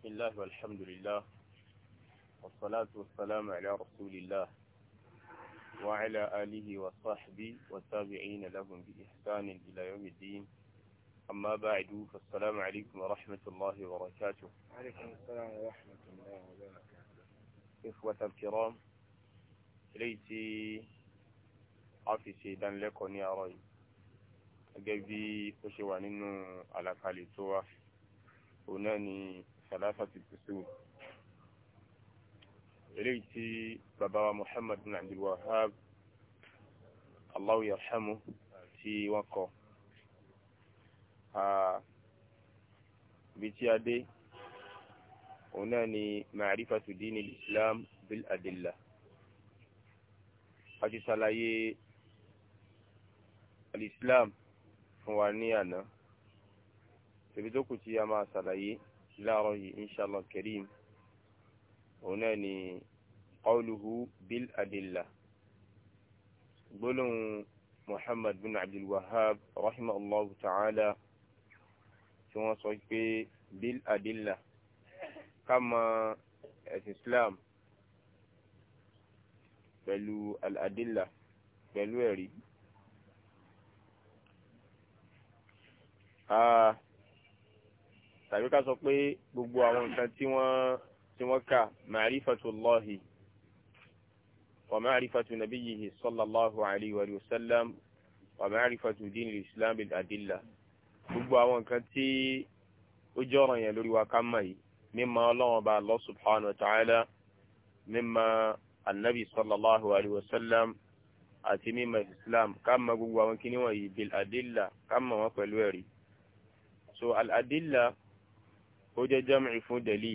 بسم الله والحمد لله والصلاة والسلام على رسول الله وعلى آله وصحبه وتابعين لهم بإحسان إلى يوم الدين أما بعد فالسلام عليكم ورحمة الله وبركاته عليكم السلام ورحمة الله وبركاته إخوة الكرام ليتي عفي سيدان لكم يا رأي أجابي فشوانين على كاليتوا هنا sàlásàtì kùsùn eléyìí tí bàbá wa Muhammad bin Abdul Wahhab Allahu yarhamu tí wọ́n kọ ah, ibi tí a dé òun náà ni ma'rifatu dini islam bil adilla a ti ṣàlàyé al fún wa ní àná tẹ̀bí tó kù tí a máa ṣàlàyé láàárọ̀ yìí inshallah kareem òun náà ni qawluhu bil adilla gbólóhùn muhammad bin abdul wahab rahimahullahu ta'ala tí wọ́n sọ pé bil adilla ká mọ ẹ̀sìn islam pẹ̀lú al pẹ̀lú ẹ̀rí. Ah, tàbí ká sọ pé gbogbo àwọn nǹkan tí wọ́n tí wọ́n kà ma'rifatullahi wa ma'rifatu nabiyyihi sallallahu alayhi wa sallam wa ma'rifatu dinil islam bil adilla gbogbo àwọn nǹkan tí ó jẹ́ ọ̀ràn yẹn lórí wa ká mọ̀ yìí mímọ̀ Ọlọ́run bá Allah subhanahu wa ta'ala mímọ̀ annabi sallallahu alayhi wa àti mímọ̀ islam ká mọ̀ gbogbo àwọn kíní wọ̀nyí bil adilla ká mọ̀ wọn pẹ̀lú ẹ̀rí so al ó jẹ́ jam'i fún dẹ̀lì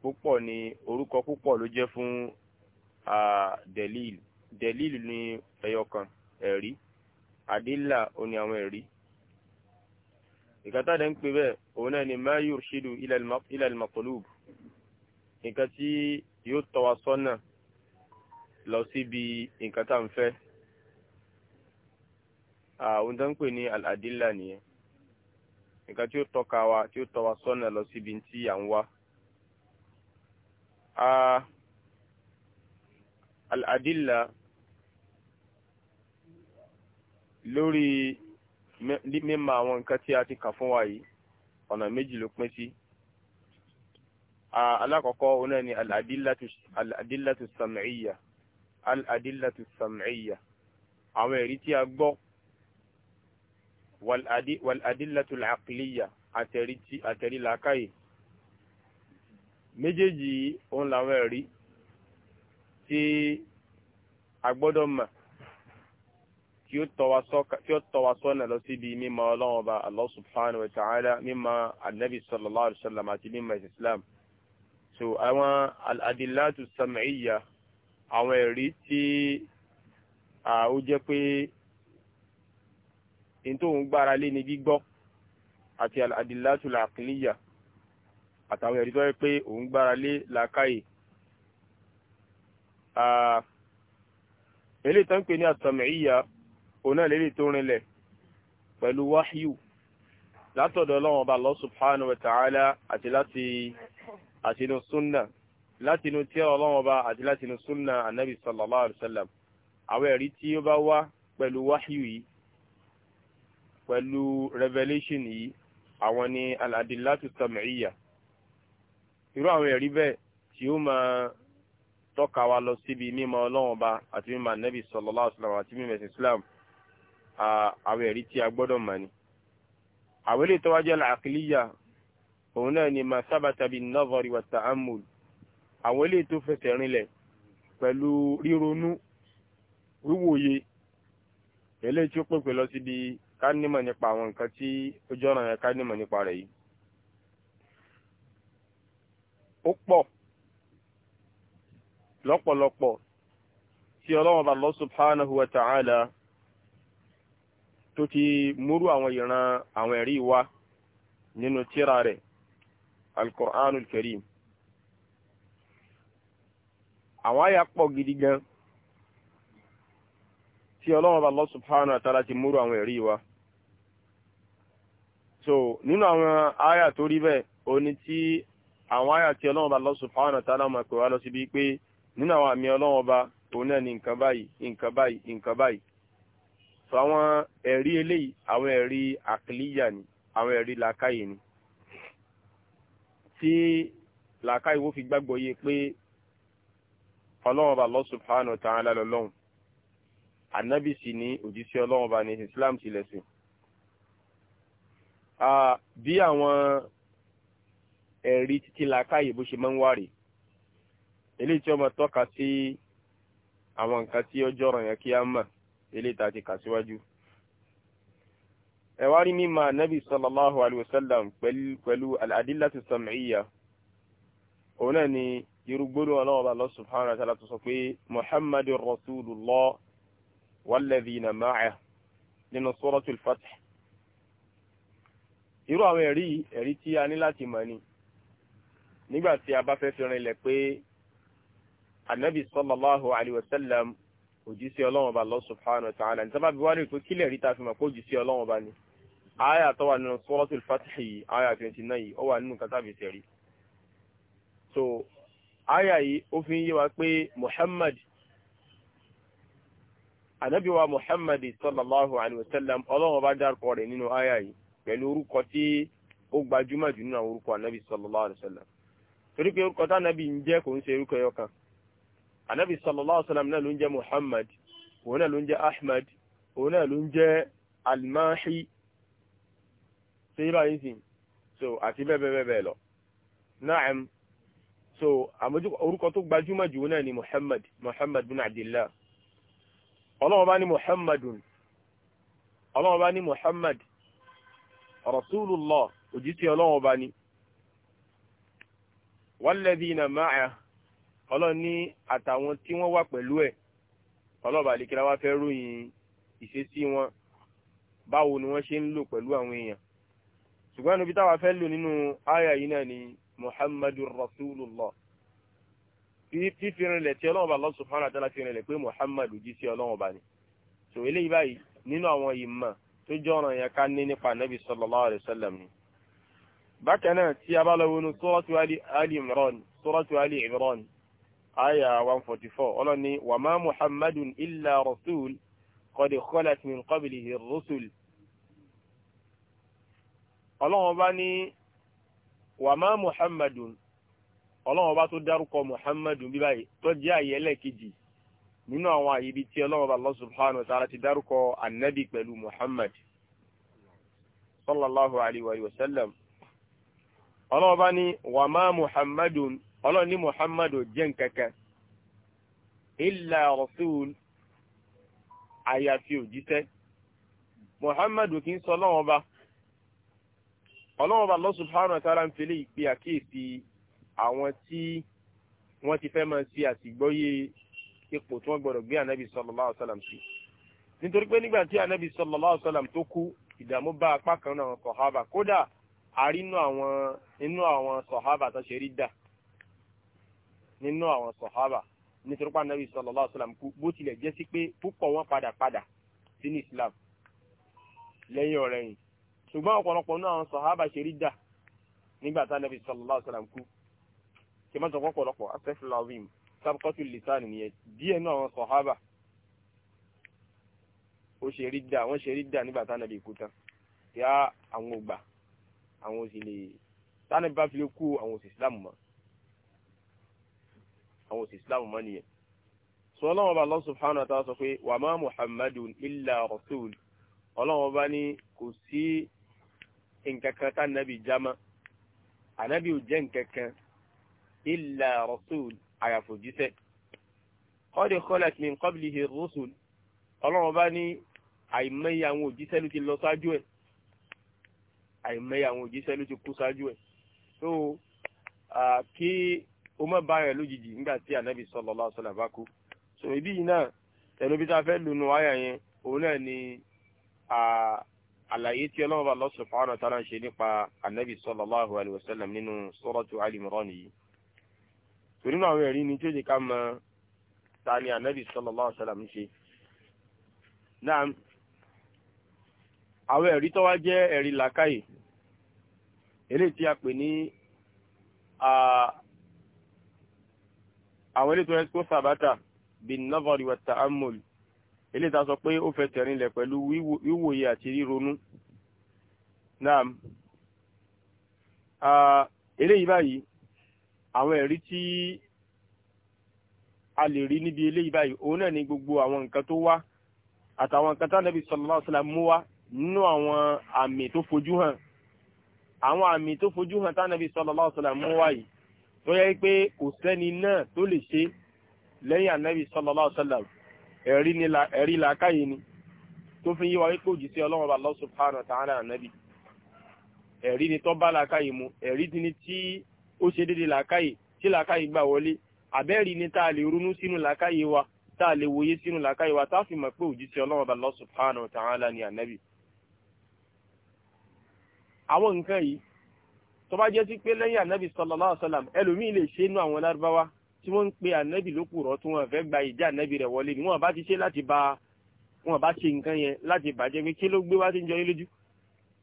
púpọ̀ ni orúkọ púpọ̀ ló jẹ́ fún dẹ̀lì dẹ̀lì ni ẹyọkan ẹ̀rí àdílà ó ní àwọn ẹ̀rí ìkàtà ń pè bẹ́ẹ̀ òun náà ni ma yurshidu ila al-maqlub nǹkan tí yóò tọ́ wa sọ́nà lọ síbi nǹkan tá à ń fẹ́ àwọn tó ń pè ní al nìyẹn nǹkan tí ó tọ́ka wa tí ó tọ́ wa sọ́nà lọ síbi tí à ń wá. al-adilla lórí mímọ àwọn nǹkan tí a ti kà fún wa yìí ọ̀nà méjì ló pín sí. alákọ̀ọ́kọ́ oná ni al-adillatu sam'iyya àwọn ẹ̀rí tí a gbọ́ wàládìlẹ́tù làkìlíyà àtẹ̀rí làákàyè méjèèjì òun làwọn ẹ̀rí tí a gbọ́dọ̀ mọ̀ tí ó tọ́ wa sọ́nà lọ síbi mímọ̀ ọlọ́run ọba Allah subhanahu wa ta'ala mímọ̀ anabi sallallahu alaihi wa sallam àti mímọ̀ islam so àwọn adìlátù sam'iyya àwọn ẹ̀rí tí ó jẹ́ pé in tó ń gbára lé ní gbígbọ́ àti àdìlátù làkìlíyà àtàwọn ẹ̀rí tó yẹ pé òun gbára lé làkáyè eléyìí tó ń pè ní àtàmìíyà òun náà lélẹ̀ tó rinlẹ̀ pẹ̀lú wáhíù látọ̀dọ̀ Ọlọ́run Ọba Allah subhanahu wa ta'ala àti láti àtinú súnnà látinú tí Ọlọ́run Ọba àti látinú súnnà annabi sallallahu alaihi wasallam àwọn ẹ̀rí tí ó bá wá pẹ̀lú wáhíù yìí pẹ̀lú revelation yìí àwọn ni aladilatu tam'iyya irú àwọn ẹ̀rí bẹ́ẹ̀ tí ó máa tọ́ka wa lọ síbi mímọ̀ ọlọ́run ọba àti mímọ̀ anabi sallallahu alaihi wasallam àti mímọ̀ ẹ̀sìn islam àwọn ẹ̀rí tí a gbọ́dọ̀ mọ̀ ni. àwọn ilé ìtọ́wájú al-aqliyya òun náà ni ma sábàtà bin nazari wa ta'ammul àwọn ilé tó fẹsẹ̀ rinlẹ̀ pẹ̀lú ríronú wíwòye eléyìí tí ó pèpè lọ síbi ká nímọ̀ nípa àwọn nǹkan tí ojú ọ̀nà yẹn ká nímọ̀ nípa rẹ̀ yìí ó pọ̀ lọ́pọ̀lọpọ̀ tí ọlọ́wọ́n bá lọ ta'ala tó ti múrú àwọn ìran àwọn ẹ̀rí wa nínú tírà rẹ̀ alkur'anul karim àwọn àyà pọ̀ gidi gan tí bá lọ ta'ala ti múrú àwọn ẹ̀rí so nínú àwọn àyà tó rí bẹ́ẹ̀ oní tí àwọn àyà tí ọlọ́run ọba Allah subhanahu wa ta'ala máa pè wá lọ síbi pé nínú àwọn àmì ọlọ́run ọba òun náà ni nǹkan báyìí nǹkan báyìí nǹkan báyìí so àwọn ẹ̀rí eléyìí àwọn ẹ̀rí àkìlíyà ni àwọn ẹ̀rí làákàyè ni tí làákàyè wo fi gbàgbọ́ yé pé ọlọ́run ọba Allah subhanahu wa ta'ala lọ́lọ́run ànábì sì ní ọlọ́run ọba ní Islam tilẹ̀ sìn bí àwọn ẹ̀rí títí làákàyè bó ṣe máa ń wárí eléyìí tí ó máa tọ́ka sí àwọn nǹkan tí ọjọ́ ọ̀rọ̀ yẹn kí á mọ̀ eléyìí tá a ti kà síwájú ẹ rí mímọ anabi sallallahu alayhi wa sallam pẹ̀lú al-adillatu sam'iyya òun náà ni irúgbónú ọlọ́wọ́ lọ subhanahu wa ta'ala tó sọ pé muhammadu rasulullah walladhina ma'ah nínú suratul fath irú àwọn ẹ̀rí ẹ̀rí tí a ní láti mọ̀ ni nígbà tí a bá fẹ́ fi rin ilẹ̀ pé anabi sallallahu alayhi wa sallam òjíṣẹ́ ọlọ́run ọba Allah subhanahu wa ta'ala ní sábà bí wá rí pé kílẹ̀ rí ta fi mọ̀ pé òjíṣẹ́ ọlọ́run ọba ni aya tó wà nínú suratul Fatih yìí aya 29 yìí ó wà nínú kátàbí sẹ̀rí so aya yìí ó fi ń yé wa pé Muhammad anabi wa Muhammad sallallahu alayhi wa sallam ọlọ́run ọba dárúkọ rẹ̀ nínú aya yìí pẹ̀lú orúkọ tí ó gbajúmọ̀ jù nínú àwọn orúkọ ànábì sallallahu alaihi wasallam torí pé orúkọ tá ànábì ń jẹ́ kò ń ṣe orúkọ ẹyọ kan ànábì sallallahu alaihi wasallam náà ló ń jẹ́ Muhammad òun náà ló ń jẹ́ Ahmad òun náà ló ń jẹ́ Al-Mahi yìí sìn so àti bẹ́ẹ̀ bẹ́ẹ̀ lọ naam so àmójú orúkọ tó gbajúmọ̀ jù náà ni Muhammad Muhammad bin Abdillah ọlọ́wọ́ bá ní Muhammadun ọlọ́wọ́ bá ní Muhammad rasulullah òjíṣẹ́ ọlọ́run ọba ni walladhina ma'a ọlọ́run ní àtàwọn tí wọ́n wà pẹ̀lú ẹ̀ ọlọ́ba àlekèrè wá fẹ́ ròyìn ìṣesí wọn báwo ni wọ́n ṣe ń lò pẹ̀lú àwọn èèyàn ṣùgbọ́n níbi táwa fẹ́ lò nínú àyà yìí náà ni muhammadu rasulullah fífìrin lẹ̀ tí ọlọ́run ọba Allah subhanahu wa ta'ala pé muhammadu jíṣẹ́ ọlọ́run ọba ni so eléyìí báyìí nínú àwọn ìmọ̀ tó jẹ́ ọ̀ràn yẹn ká ní nípa anabi sallallahu alayhi wa sallam ni. bákan náà tí a bá lọ wọnú suratu ali imran suratu ali imran aya one forty four ọlọ́ni wa ma muhammadun rasul qad khalat min qablihi rusul. ọlọ́wọ́n bá ní wa ma muhammadun ọlọ́wọ́n bá tó dárúkọ muhammadun bíbáyìí tó jẹ́ àyẹ̀lẹ̀ kejì nínú àwọn ibi tí ọlọ́wọ́ Allah subhanahu wa ta'ala ti dárúkọ annabi pẹ̀lú muhammad sallallahu alaihi wa sallam ọlọ́wọ́ bá ní wà máa muhammadun ọlọ́wọ́ ní muhammadu jẹ́ nkankan illa rasul àyàfi òjíṣẹ́ muhammadu kì í sọ ọlọ́wọ́ bá ọlọ́wọ́ bá Allah subhanahu wa ta'ala ń fẹ́lẹ́ ìpè àkíyèsí àwọn tí wọ́n ti fẹ́ máa ṣe àtìgbọ́yé ipò tí wọ́n gbọ́dọ̀ gbé anabi sallallahu alaihi wasallam sí nítorí pé nígbà tí anabi sallallahu alaihi wasallam tó kú ìdààmú bá apá kan náà sọ̀hábà kódà àrínú àwọn inú àwọn sọ̀hábà tó ṣe rí dà nínú àwọn sọ̀hábà nítorí pé anabi sallallahu alaihi wasallam kú bó tilẹ̀ jẹ́ sí pé púpọ̀ wọn padà padà sínú islam lẹ́yìn ọ̀rẹ́yìn ṣùgbọ́n ọ̀pọ̀lọpọ̀ náà àwọn sọ̀hábà ṣe rí dà nígbà tí anabi sallallahu alaihi kú kí sábkọ́tù lisan nìyẹn díẹ̀ náà àwọn sọ̀hábà ó ṣe rí dà wọ́n ṣe rí dà nígbà tánàbí kú tán tí á àwọn ògbà àwọn òsì lè tánàbí bá fi lè kú àwọn òsì islam mọ́ àwọn òsì islam mọ́ nìyẹn sọ ọlọ́wọ́n bá Allah subhanahu wa sọ pé wà má muhammadun illa rasul ọlọ́wọ́n bá ní kò sí nkankan tánàbí jama ànábì ò jẹ́ nkankan illa rasul àyàfò jíṣẹ́ kọ́dé kọ́lẹ̀tì min qablihi rusul ọlọ́run bá ní àìmọye àwọn òjíṣẹ́ ló ti lọ ṣáájú ẹ̀ àìmọye àwọn òjíṣẹ́ ló ti kú ṣáájú ẹ̀ so kí o mọ̀ bá rẹ̀ lójijì nígbà tí ànábì sallallahu alaihi wasallam bá kú so ibi yìí náà ẹnu bí tá a fẹ́ lùnú àyà yẹn òun náà ni àlàyé tí ọlọ́run bá Allah subhanahu wa ta'ala ṣe nípa ànábì sallallahu alaihi wasallam nínú suratu Ali yìí torí náà àwọn ẹ̀rí ni tí ó jẹ́ ká mọ ta ni ànábì sallallahu alaihi wasallam ṣe náà àwọn ẹ̀rí tó wá jẹ́ ẹ̀rí làákàyè eléyìí tí a pè ní àwọn eléyìí tó yẹ kó sàbátà bin nazari wa ta'ammul ilé ta sọ pé ó fẹ́ tẹ̀rinlẹ̀ pẹ̀lú wíwòye àti ríronú náà eléyìí báyìí àwọn ẹ̀rí tí a lè rí níbi eléyìí báyìí òun náà ni gbogbo àwọn nǹkan tó wá àtàwọn nǹkan tá nàbí sallallahu alaihi wasallam mú wá nínú àwọn àmì tó fojú hàn àwọn àmì tó fojú hàn tá nàbí sallallahu alaihi wasallam mú wá yìí tó yẹ pé kò sẹ́ni náà tó lè ṣe lẹ́yìn ànábì sallallahu alaihi wasallam ẹ̀rí làákàyè ni tó fi yí wa wípé òjìṣẹ́ ọlọ́run ọba Allah subhanahu wa ta'ala ànábì ẹ̀rí ni tó bá làákàyè mu ẹ̀rí ni tí ó ṣe déédéé làákàyè tí làákàyè gbà wọlé àbẹ́rì ni tá a lè ronú sínú làákàyè wa tá a lè wòye sínú làákàyè wa tá a fi mọ̀ pé òjíṣẹ́ ọlọ́run bá Allah subhanahu wa ta'ala ni ànábì. àwọn nǹkan yìí tó bá jẹ́ sí pé lẹ́yìn ànábì sallallahu alaihi wasallam ẹlòmíì lè ṣe inú àwọn lárúbáwá tí wọ́n ń pe ànábì lókùrọ̀ tí wọ́n fẹ́ gba ìjà ànábì rẹ̀ wọlé ni wọ́n bá ti ṣe láti ba wọn bá ṣe nǹkan yẹn láti bàjẹ́ pé kí ló gbé wá sí ń lójú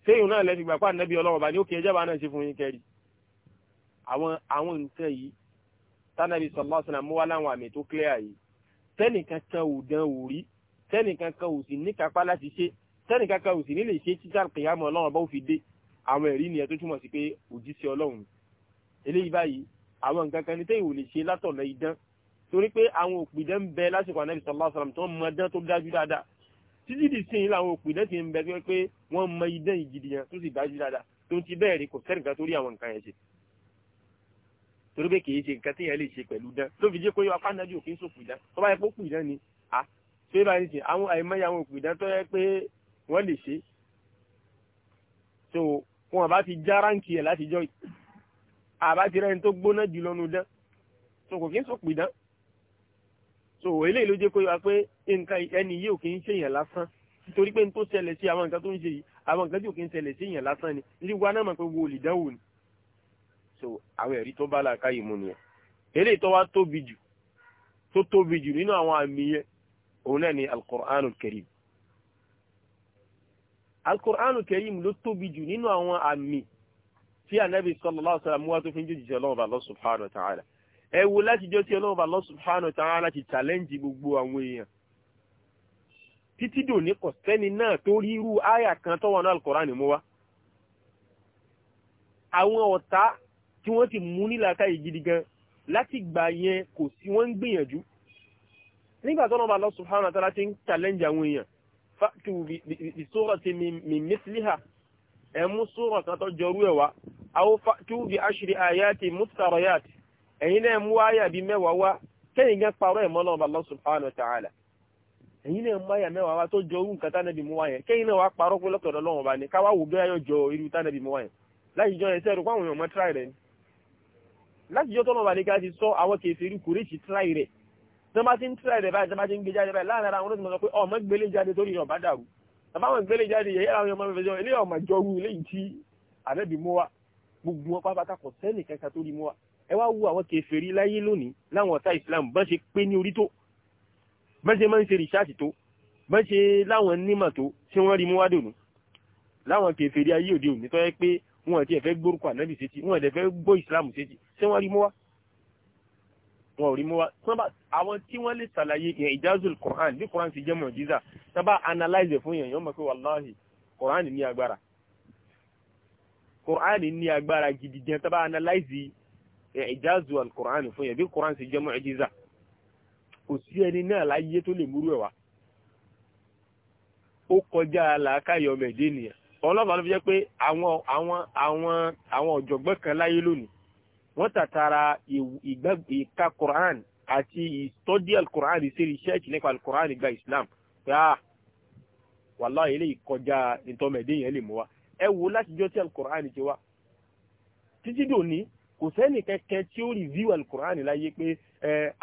séyìn náà lẹ́fi gbà pé ànábì ọlọ́run bá ní ó kí ẹjẹ́ bá náà ṣe fún yín kẹrì àwọn àwọn nǹkan yìí tánàbí sallallahu alaihi wasallam mú wá láwọn àmì tó clear yìí tẹ́nìkan kan ò dán ò rí tẹ́nìkan kan ò sì ní kápá láti ṣe tẹ́nìkan kan ò sì ní lè ṣe títà kìyàmọ̀ ọlọ́run bá ó fi dé àwọn ẹ̀rí nìyẹn tó túmọ̀ sí pé òjíṣẹ́ ọlọ́run eléyìí báyìí àwọn nǹkan kan ní tẹ́yìn ò lè ṣe látọ̀nà idán torí pé àwọn òpìdán ń bẹ lásìkò ànábì sallallahu alaihi wasallam tó mọ idán tó dájú dáadáa títí di sin làwọn òpìdán ti ń bẹ pé wọ́n mọ idán ìgidìyàn tó sì dájú dáadáa tó ti bẹ́ẹ̀ rí kò sẹ́nìkan tó àwọn nǹkan yẹn ṣe torí pé kì í ṣe nǹkan téèyàn lè ṣe pẹ̀lú dán ló fi jẹ́ pé apá nàbí òkè sòkù ìdán tó bá yẹ pé ó kù ìdán ni à ṣé bá ní sìn àwọn àìmọye àwọn òkù ìdán tó yẹ pé wọ́n lè ṣe so wọn bá ti já ráǹkì ẹ̀ láti jọ àbá ti rẹ́ni tó gbóná jù lọ́nu dán so kò kí ń sòkù ìdán so eléyìí ló jẹ́ kó yọ pé nǹkan ẹni yìí ò kì í ṣèyàn lásán nítorí pé n tó ṣẹlẹ̀ sí àwọn nǹkan tó ń ṣe yìí àwọn nǹkan tí ò kì í ṣẹlẹ̀ sí èèyàn so àwọn ẹ̀rí tó bá làákàyè mu nìyẹn eléyìí tó wá tóbi jù tó tóbi jù nínú àwọn àmì yẹn òun náà ni alukur'anu karim alukur'anu karim ló tóbi jù nínú àwọn àmì tí anabi sallallahu alaihi wasallam wá tó fi ń jòjì sí ọlọ́ọ̀bà Allah subhanahu wa ta'ala ẹ wo láti jọ tí ọlọ́ọ̀bà Allah subhanahu wa ta'ala ti challenge gbogbo àwọn èèyàn títí dòní kò sẹ́ni náà tó rí irú àyà kan tó wà ní alukur'anu mú wá àwọn ọ̀tá tí wọ́n ti mú nílàkà yìí gidi gan láti gbà yẹn kò sí wọ́n ń gbìyànjú nígbà tó lọ́ba Allah subhanahu wa ta'ala ti ń challenge àwọn èèyàn fàtù bi surati min misliha ẹ̀ mú sóòrọ̀ kan tó jọrú ẹ̀ wá àwọn fàtù bi ashri ayati muftariyat ẹ̀yin náà mú wáyà bí mẹ́wàá wá kẹ́yìn gan parọ́ ẹ̀ mọ́ lọ́ba Allah subhanahu wa ta'ala ẹ̀yin náà máyà mẹ́wàá wá tó jọ orú nǹkan tánàbì mú wáyẹn kẹ́yìn náà wá parọ́ pé lọ́tọ̀ọ̀dọ̀ lọ́wọ́ bá ní káwá wò bẹ́ẹ̀ láti jọ́ tọ́nà balẹ̀ káàkiri sọ àwọn kèfèrí kò rí ti tíráì rẹ̀ tó bá ti ń tíráì rẹ̀ báyìí tó bá ti ń gbé jáde báyìí láàrin ara wọn ló ti mọ̀ sọ pé ọmọ gbélé jáde torí ọba dàrú àbáwọn gbélé jáde yẹ̀yẹ́ àwọn ọmọ ìfẹsẹ̀ ilé ọmọ ìjọrú ilé yìí tí àrẹ́bí mú wa gbogbo Islam bọ́n ṣe pé ní orí tó bọ́n ṣe máa ń ṣe rìṣáàtì tó bọ́n ṣe láwọn nímọ̀ tó ṣé wọ́n rí mú wa dònú láwọn kèfèrí ayé òde òní tó yẹ pé wọn ti ẹ̀fẹ́ gbórúkọ ànábì sétí wọn ẹ̀dẹ̀ fẹ́ gbọ́ ìsìláàmù sétí ṣé wọ́n rí mú wá wọn ò rí mú wá àwọn tí wọ́n lè ṣàlàyé ìyẹn ìjázùl Qur'an bí Qur'an ti jẹ́ mọ̀jíza tán bá analyze fún yẹn yọ́n mọ̀ pé wàláhì Qur'an ní agbára Qur'an ní agbára gidi gan tán bá analyze ìjázùl eh, Qur'an fún yẹn bí Qur'an ti jẹ́ mọ̀jíza kò sí ẹni náà láyé tó lè múrú ẹ̀ wá ó kọjá làákàyọ̀ nìyẹn ọlọ́pàá ló fi jẹ́ pé àwọn àwọn àwọn àwọn ọ̀jọ̀gbọ́n kan láyé lónìí wọ́n tàtàrà ìka Quran àti ìtọ́jú al-Quran ṣe research nípa al-Quran Islam pé ah wàlá ilé ìkọjá ìtọ́mẹ̀dé yẹn lè mú wa ẹ wo látijọ́ tí al-Quran ti wá títí dòní kò sẹ́ni kẹ́kẹ́ tí ó rìvíw al-Quran láyé pé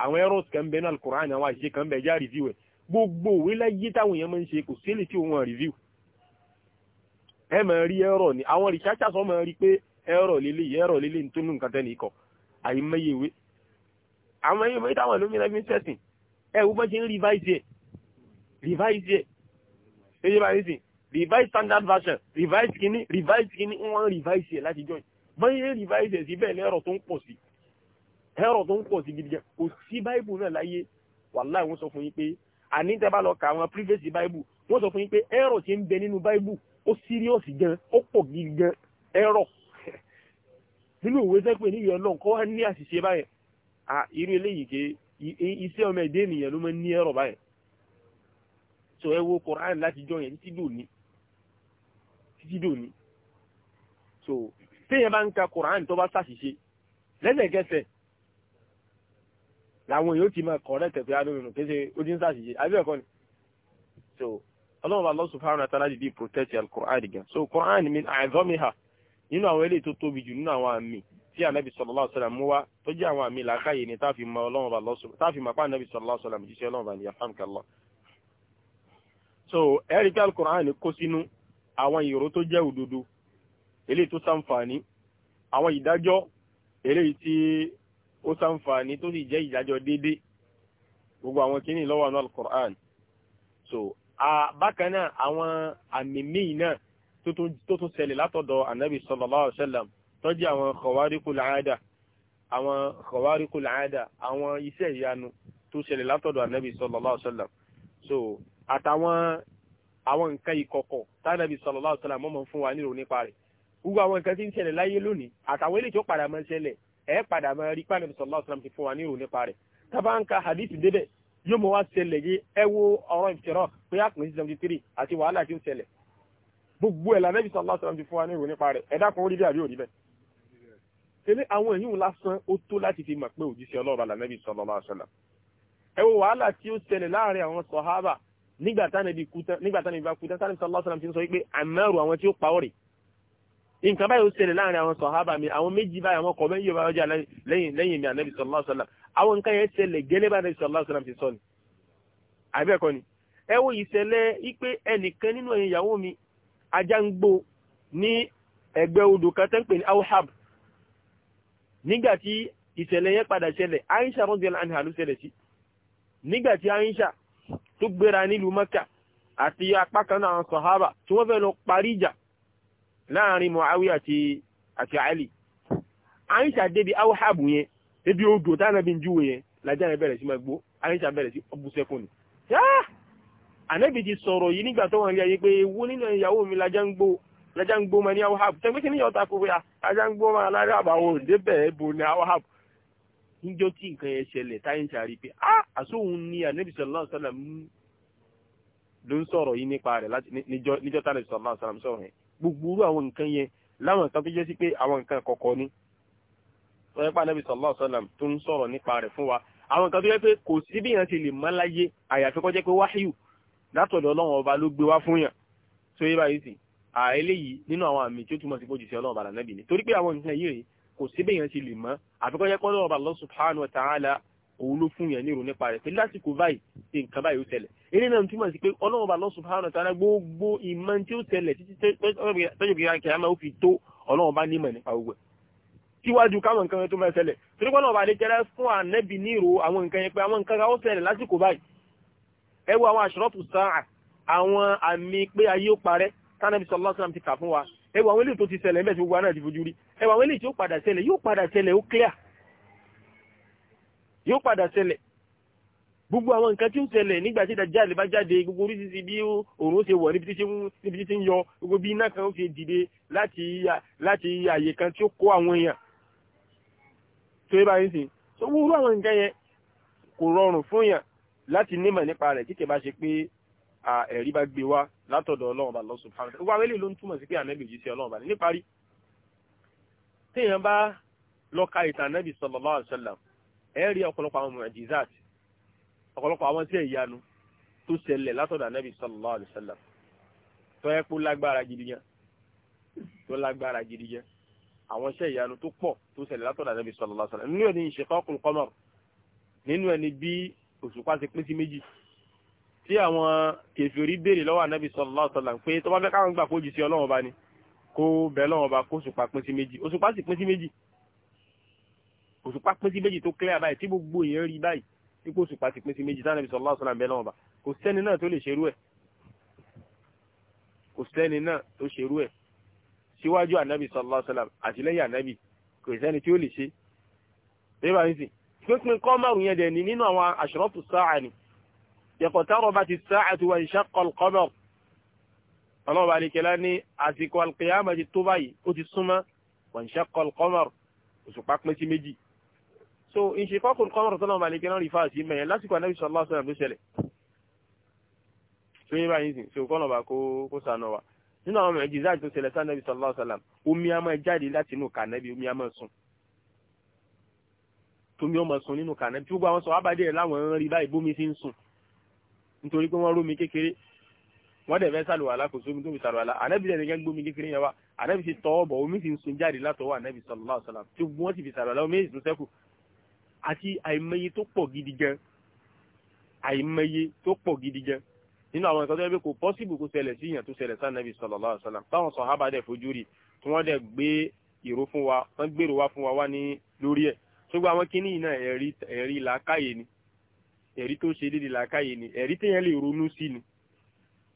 àwọn errors kan bẹ ní al-Quran àwọn àṣìṣe kan bẹ já rìvíw ẹ̀ gbogbo òwe láyé táwọn èèyàn máa ń ṣe kò sí tí òun rìvíw ẹ máa rí ẹ̀rọ ni àwọn researchers wọ́n máa rí pé ẹ̀rọ líle ẹ̀rọ líle tó nù nǹkan tẹ́lẹ̀ ikọ̀ àìmọye ìwé àwọn ìwé táwọn ìlúmínà fi ń tẹ̀sìn ẹ wo bọ́n ṣe ń revise ẹ̀ revise ẹ̀ ṣe yé báyìí sìn revise standard version revise kìíní revise kìíní wọ́n revise ẹ̀ láti join bọ́n ṣe revise ẹ̀ sí bẹ́ẹ̀ ní ẹ̀rọ tó ń pọ̀ sí ẹ̀rọ tó ń pọ̀ sí gidi gan kò sí báìbù náà láyé wàláì wọ́n sọ fún yín pé àní tẹ́ bá lọ ka àwọn privacy báìbù wọ́n sọ fún yín pé ẹ̀rọ ti ń bẹ nínú báìbù ó síríọ̀sì gan ó pọ̀ gidi gan ẹ̀rọ nínú ìwé sẹ́pẹ̀ ní ìwé ọlọ́run kọ́ wá ní àṣìṣe báyẹn à irú eléyìí ké iṣẹ́ ọmọ ẹ̀dẹ́ ènìyàn ló máa ń ní ẹ̀rọ báyẹn sọ ẹ wo Quran láti jọ yẹn títí dòní títí dòní so téèyàn bá ń ka Quran tó bá ṣàṣìṣe lẹ́sẹ̀kẹsẹ̀ làwọn yóò ti máa kọ̀ rẹ̀ tẹ̀fẹ́ adóminú kése ó ti ń ṣàṣìṣe àbí ẹ̀kọ́ ni so ọlọ́run Allah subhanahu wa ta'ala dìde protect al-Qur'an gan so Qur'an min a'zamiha nínú àwọn eléyìí tó tóbi jù nínú àwọn àmì tí ànábì sallallahu alaihi wasallam mú wá tó jẹ́ àwọn àmì làákàyè ni táàfi mọ ọlọ́run Allah táàfi mọ apá ànábì sallallahu alaihi wasallam jíṣẹ́ ọlọ́run bá ní yàtàmkàlọ́ so ẹ̀rí pé al-Qur'an kó sínú àwọn ìró tó jẹ́ òdodo eléyìí tó ṣàǹfààní àwọn ìdájọ́ eléyìí tí ó ṣàǹfààní tó sì jẹ́ ìdájọ́ déédéé gbogbo àwọn kìíní ló al-Qur'an so bákan náà àwọn àmì míì náà tó tún ṣẹlẹ̀ látọ̀dọ̀ ànábì sallallahu alaihi wasallam tó jẹ́ àwọn khawarikul aada àwọn khawarikul aada àwọn iṣẹ́ ìyanu tó ṣẹlẹ̀ látọ̀dọ̀ ànábì sallallahu so àtàwọn àwọn nǹkan ìkọ̀kọ̀ tánàbì sallallahu alaihi wasallam mọ́mọ́ fún wa nírò nípa rẹ̀ gbogbo àwọn nǹkan tí ń ṣẹlẹ̀ láyé lónìí àtàwọn eléyìí tó padà máa ṣẹlẹ̀ ẹ̀ padà máa rí pàdánù sallallahu alaihi wasallam ti fún wa nírò nípa rẹ̀ yóò mọ̀ wá ṣẹlẹ̀ yé ẹ wo ọ̀rọ̀ ìfìrọ̀ pé àpín seventy three àti wàhálà tí ń ṣẹlẹ̀ gbogbo ẹ̀ lànà ìbísọ̀ lọ́sọ̀rọ̀ ti fún wa ní ìròyìn nípa rẹ̀ ẹ̀dá kan ó rí bí àbí òrí bẹ́ẹ̀. tẹ́lẹ̀ àwọn èyí lásán ó tó láti fi mọ̀ pé òjíṣẹ́ ọlọ́ọ̀bà lànà ìbísọ̀ lọ́sọ̀lá ẹ wo wàhálà tí ó ṣẹlẹ̀ láàrin àwọn sọ̀hábà nígbà tánàbí kú tán nígbà tánàbí bá kú tán tánàbí sọ̀lọ́sọ̀lá ti ń sọ wípé àmẹ́rù àwọn tí ó pawọ́rì nǹkan báyìí ó ṣẹlẹ̀ láàrin àwọn nǹkan yẹn ṣẹlẹ̀ gẹ́lẹ́ bá nàìjíríà sallallahu alaihi wasallam ti sọ ni àbẹ́ẹ̀kọ́ ni ẹ wo ìṣẹ̀lẹ̀ ipe ẹnìkan nínú ẹ̀yìn ìyàwó mi ajá ń gbó ní ẹgbẹ́ odò kan ní awhab nígbà tí ìṣẹ̀lẹ̀ yẹn padà ṣẹlẹ̀ aisha radiyallahu anha ṣẹlẹ̀ sí nígbà tí aisha tó gbéra nílùú àti apá kan náà sọ̀hábà tí wọ́n fẹ́ lọ parí ìjà láàrin àti àti ali aisha débi yẹn ebi odò táwọn ẹbí ń júwe yẹn làjà yẹn bẹ̀rẹ̀ sí máa gbó àyíṣà bẹ̀rẹ̀ sí ọbú sẹ́kùn ni. ànábì ti sọ̀rọ̀ yìí nígbà tó wà ní ayé pé ewu nínú ìyàwó mi làjà ń gbó làjà ń gbó ma ní awahab tẹ́gbẹ́ kí níyàwó ta kó pé làjà ń gbó ma lára àbáwọ̀ débẹ̀ ẹ̀bù ní awahab. níjọ́ tí nǹkan yẹn ṣẹlẹ̀ táyé ń sàrí pé àsóhun ni ànábì sallallahu alaihi wasallam ló ń sọ̀rọ̀ yìí nípa rẹ̀ níjọ́ tánàbì sallallahu alaihi wasallam sọ̀rọ̀ yẹn gbogbo irú àwọn nǹkan yẹn láwọn nǹkan tó jẹ́ sí pé àwọn nǹkan ni sọ́yẹ́ pà nẹ́bí sallallahu alaihi wasallam tó ń sọ̀rọ̀ nípa rẹ̀ fún wa àwọn nǹkan tó yẹ pé kò sí bí yẹn ti lè mọ́ láyé àyàfi kó jẹ́ pé wáhíù látọ̀dọ̀ ọlọ́run ọba ló gbé wá fún yàn tó yẹ báyìí sì àìléyìí nínú àwọn àmì tí ó túmọ̀ sí pé òjìṣẹ́ ọlọ́run bàrà nẹ́bì ni torí pé àwọn nǹkan yìí rèé kò sí bí yẹn ti lè mọ́ àfikọ́ yẹ kọ́ lọ́wọ́ Allah subhanahu wa ta'ala òun ló fún yẹn ní ìrò nípa rẹ̀ pé lásìkò báyìí nǹkan báyìí ó tẹ̀lẹ̀ eré náà túmọ̀ sí pé ọlọ́run Allah subhanahu wa ta'ala gbogbo ìmọ̀ tí ó tẹ̀lẹ̀ títí tọ́jú kìí síwájú káwọn nǹkan yẹn tó máa ṣẹlẹ̀ torí pọ́nà ọba àdékẹ́lẹ́ fún ànẹ́bì ní ìrò àwọn nǹkan yẹn pé àwọn nǹkan kan ó ṣẹlẹ̀ lásìkò báyìí ẹ wo àwọn àṣírọ́pù sáà àwọn àmì pé ayé ó parẹ́ tánàbí sallallahu ti kà fún wa ẹ wo àwọn eléyìí tó ti ṣẹlẹ̀ mẹ́tì gbogbo anáà ti fojú rí ẹ wo àwọn eléyìí tí ó padà ṣẹlẹ̀ yóò padà ṣẹlẹ̀ ó clear yóò padà ṣẹlẹ̀ gbogbo àwọn nǹkan tí ó ṣẹlẹ̀ nígbà tí Dájjàl bá jáde gbogbo oríṣiríṣi bí òòrùn ṣe wọ̀ níbi tí ń yọ gbogbo bí iná kan ó fi dìde láti àyè kan tí ó kó àwọn èèyàn tó yẹ báyìí sí so wúrú àwọn nǹkan yẹn kò rọrùn fún yàn láti nímọ̀ nípa rẹ̀ kíkẹ́ bá ṣe pé ẹ̀rí bá gbé wá látọ̀dọ̀ ọlọ́run bá lọ́sùn fún àwọn àwọn eléyìí ló ń túmọ̀ sí pé ànábì òjì sí ọlọ́run bá ní níparí téèyàn bá lọ ka ìtàn ànábì sallallahu alaihi wasallam ẹ rí ọ̀pọ̀lọpọ̀ àwọn mu'jizat ọ̀pọ̀lọpọ̀ àwọn tí ẹ̀ tó ṣẹlẹ̀ látọ̀dọ̀ ànábì sallallahu alaihi wasallam tó yẹ kó lágbára gidi yẹn tó lágbára gidi yẹn àwọn iṣẹ́ ìyanu tó pọ̀ tó ṣẹlẹ̀ látọ̀dọ̀ Ànábì sallallahu alaihi wasallam nínú ẹni inshiqaqul qamar nínú ẹni bí òṣùpá ti pín sí méjì tí àwọn kèfèrí béèrè lọ́wọ́ Ànábì sallallahu alaihi wasallam pé tó bá fẹ́ káwọn gbà kó jù sí Ọlọ́run bá ni kó bẹ̀ lọ́wọ́ bá kó òṣùpá pín sí méjì òṣùpá sì pín sí méjì òṣùpá pín sí méjì tó clear báyìí tí gbogbo èèyàn rí báyìí tí kò òṣùpá ti pín sí méjì tánàbí sallallahu alaihi wasallam bẹ̀ lọ́wọ́ bá kò sẹ́ni náà tó lè ṣerú ẹ̀ kò sẹ́ni náà tó ṣerú ẹ̀ síwájú ànábì sallallahu alaihi wasallam àtìlẹ́yìn ànábì kò sẹ́ni tí ó lè ṣe bébà ní sí pínpín kọ́mọ̀rù yẹn dẹ̀ ni nínú àwọn ashratu sáà ni iqtarabati as-sa'atu wa inshaqqa al-qamar ọlọ́ọ̀bá alikẹ́lá ní àsìkò alqiyama ti tó báyìí ó ti súnmọ́ wa inshaqqa al-qamar òṣùpá pín sí méjì so inshaqqu al-qamar tọ́lọ́ọ̀bá alikẹ́lá rí fáà sí mẹ́yẹn lásìkò ànábì sallallahu alaihi wasallam ló ṣẹlẹ̀ tó yẹ báyìí sí so kọ́nà bá kó sànà wa nínú àwọn mẹjìzá tó ṣẹlẹ̀ sí anabi sallallahu alaihi wasallam omi a máa láti inú ìka anabi omi a máa sun tómi ọmọ sun nínú ìka anabi tí gbogbo àwọn sọ abájẹ rẹ láwọn rí báyìí bómi sí ń sùn nítorí pé wọ́n rómi kékeré wọ́n dẹ̀ fẹ́ sàlùwàlá kò sómi tó fi sàlùwàlá anabi dẹ̀ nìkan gbómi kékeré yẹn wa anabi ti tọ́ ọ̀bọ̀ omi sì ń sun jáde látọwọ́ anabi sallallahu alaihi gidi gan àìmọye tó pọ̀ gidi gan nínú àwọn nǹkan tó yẹ pé kò pọ́síbù kó ṣẹlẹ̀ sí ìyàn tó ṣẹlẹ̀ sí ànábì sallallahu alaihi wasallam táwọn sàhábà dẹ̀ fojú rí tí wọ́n dẹ̀ gbé ìró fún wa wọ́n gbèrò wá fún wa wá ní lórí ẹ̀ ṣùgbọ́n àwọn kíní yìí náà ẹ̀rí làákàyè ni ẹ̀rí tó ṣe déédéé làákàyè ni ẹ̀rí téèyàn lè ronú sí ni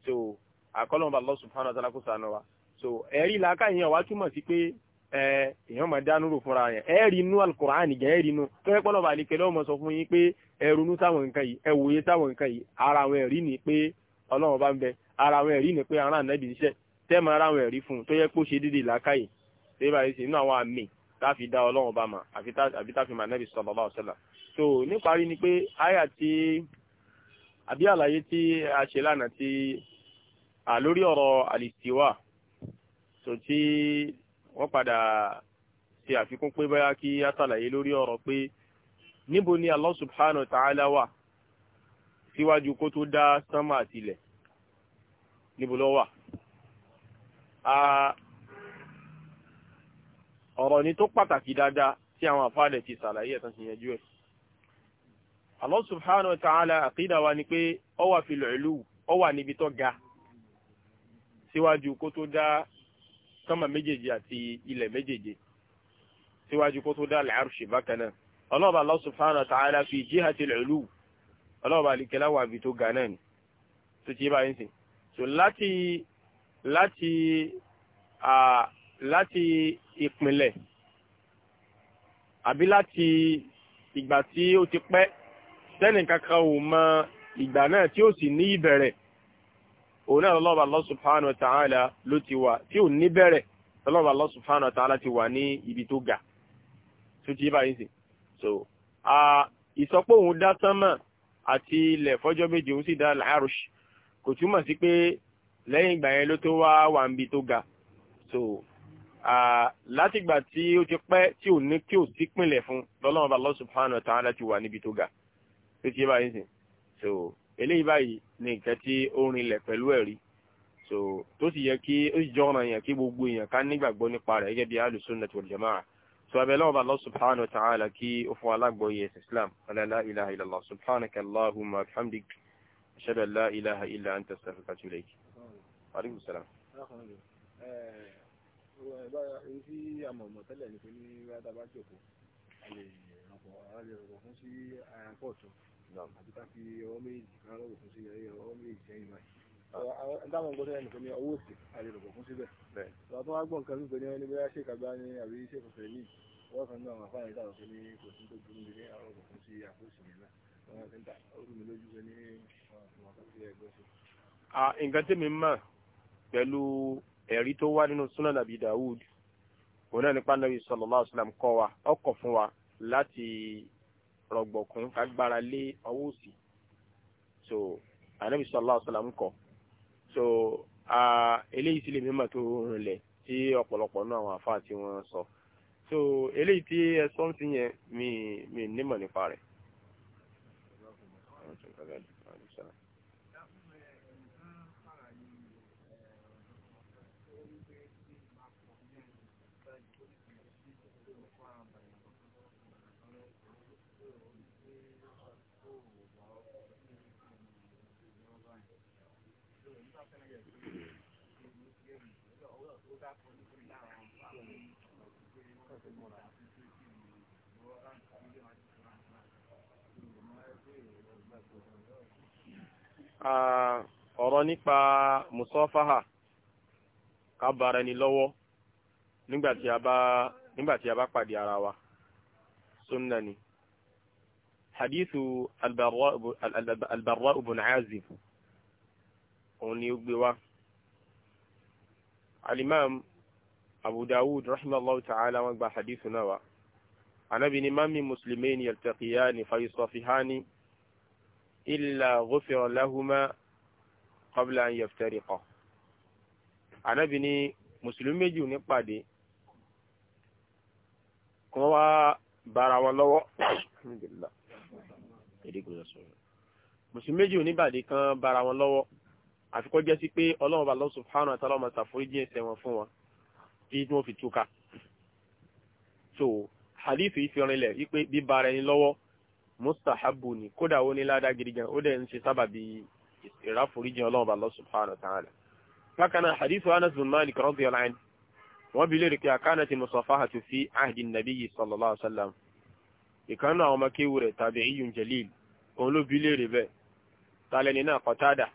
so àkọlọ́mọba Allah subhanahu wa ta'ala kó wa so ẹ̀rí làákàyè yẹn wá túmọ̀ sí pé èèyàn máa dánú rò fúnra yẹn ẹ rí inú alukur'an gẹ ẹ rí inú tó yẹ pọlọ bá ní pẹ̀lẹ́ ọmọ sọ fún yín pé ẹ ronú táwọn nǹkan yìí ẹ wòye táwọn nǹkan yìí ara àwọn ẹ̀rí ni pé ọlọ́run bá ń bẹ ara àwọn ẹ̀rí ni pé ara ànábì iṣẹ́ tẹ́ẹ̀mọ ara àwọn ẹ̀rí fún un tó yẹ pé ó ṣe déédéé làákàyè tó yẹ bá yẹ sí inú àwọn àmì táfi dá ọlọ́run bá mà àfi táfi mà ànábì sallallahu alaihi wasallam so níparí ni pé àyà tí àbí àlàyé tí a ṣe lánàá tí à lórí ọ̀rọ̀ àlìsíwà so tí wọ́n padà ṣe àfikún pé báyá kí á ṣàlàyé lórí ọ̀rọ̀ pé níbo ni Allah subhanahu wa ta'ala wà síwájú kó tó dá sánmà àtilẹ̀ níbo ló wà ọ̀rọ̀ ni tó pàtàkì dáadáa tí àwọn àfáàlẹ̀ ti sàlàyé ẹ̀tàn sí yẹjú ẹ̀ Allah subhanahu wa ta'ala àkídà wa ni pé ó wà fil ulu ó wà níbi tó ga síwájú kó tó dá sánmà méjèèje àti ilẹ̀ méjèèje síwájú kó tó dá al-arshi bákan náà ọlọ́ọ̀bà Allah subhanahu wa ta'ala fi jihatil ulu ọlọ́ọ̀bà àlìkẹ́lá wà bí tó ga náà ni tó ti bá yín sìn so láti láti à láti ìpìnlẹ̀ àbí láti ìgbà tí ó ti pẹ́ tẹ́nì kankan ò mọ ìgbà náà tí ó sì ní ìbẹ̀rẹ̀ òun náà lọ́wọ́ Allah subhanahu wa ta'ala ló ti wà tí ò ní bẹ̀rẹ̀ lọ́wọ́ Allah subhanahu wa ta'ala ti wà ní ibi tó ga tó ti báyìí sí so ìsọpọ̀ òun dá sánmà àti ilẹ̀ fọ́jọ́ méje òun sì dá làárùsì kò túmọ̀ sí pé lẹ́yìn ìgbà yẹn ló tó wá wà níbi tó ga so látìgbà tí ó ti pẹ́ tí ò ní tí ò sí pínlẹ̀ fún lọ́lọ́run bá Allah subhanahu wa ta'ala ti wà níbi tó ga tó ti yé báyìí sìn so eléyìí báyìí ni nǹkan tí ó rinlẹ̀ pẹ̀lú ẹ̀rí so tó sì yẹ kí ó sì jọ́ra yẹn kí gbogbo èèyàn ká nígbàgbọ́ nípa rẹ̀ gẹ́gẹ́ bí ahlus sunnah wal jamaa'ah so abẹ́ lọ́wọ́ bá Allah subhanahu wa ta'ala kí ó fún alágbọ̀ọ́yẹ islam la ilaha illallah subhanaka allahumma wa bihamdik ṣẹ́dọ̀ la ilaha illa anta astaghfiruka wa ilayk alaikum salam èyí tí àmọ̀mọ̀ tẹ́lẹ̀ ní pé ní rádábá jòkó a lè rọ̀pọ̀ a lè rọ̀pọ̀ fún sí àyàpọ̀ ọ̀tún àti ká fi ọwọ́ méjì ká rọ̀pọ̀ fún sí ọwọ́ méjì sẹ́yìn báyìí dáwọn gbọ́dọ̀ ẹnì kan ní owó sí alèrògbò fún síbẹ̀. ìwà tó wá gbọ́ nǹkan wípé ní Ah, nǹkan tẹ́mi mọ̀ pẹ̀lú ẹ̀rí tó wá nínú súnà nàbí Dawud òun náà nípa nàbí sallallahu alaihi wasallam kọ́ wa ọkọ̀ fún wa láti rọ̀gbọ̀kún kágbára lé ọwọ́ òsì so ànábì sallallahu alaihi wasallam kọ́ so eléyìí sì lè mímọ̀ tó rinlẹ̀ tí ọ̀pọ̀lọpọ̀ náà àwọn àfáà tí wọ́n sọ so eléyìí tí ẹ sọ́ǹtì yẹn mi mi nímọ̀ nípa rẹ̀ sọ́lọ́dù àti sọ́lọ́. ọ̀rọ̀ nípa musafaha ká bára ẹni lọ́wọ́ nígbàtí a bá nígbàtí a bá pàdé ara wa sunna ni hadithu albarra ibn azib òun ni ó gbé wá alimam abu dawud rahimahullahu ta'ala wọn gba hadithu náà wa anabi ni mami muslimin yaltaqiyani fayusafihani illa ghufira lahuma qabla an yaftariqa ànábì ní mùsùlùmí méjì ò ní pàdé kí wọ́n wá bára wọn lọ́wọ́ mùsùlùmí méjì ò ní pàdé kan bára wọn lọ́wọ́ àfikọ́ jẹ́ sí pé ọlọ́run bá Allah subhanahu wa ta'ala máa ṣàforíjì ẹ̀ṣẹ̀ wọn fún wọn tí wọ́n fi túká so hadith yìí fi rinlẹ̀ wípé bíbára ẹni lọ́wọ́ mustahabu ni kódà ó ní ládàá gidi gan ó dẹ̀ ń ṣe sábàbí ìráforíjìn ọlọ́run bá Allah subhanahu wa ta'ala. bákan náà hadith anas bin malik radiyallahu anhu wọ́n bi léèrè pé àkànnà ti musafahatu fi ahdi nabiyyi sallallahu alayhi wa sallam ìkan náà ọmọ kéwù rẹ̀ tabi'iyyun jalil òun ló bi léèrè bẹ́ẹ̀ tàlẹ́ni náà Qatada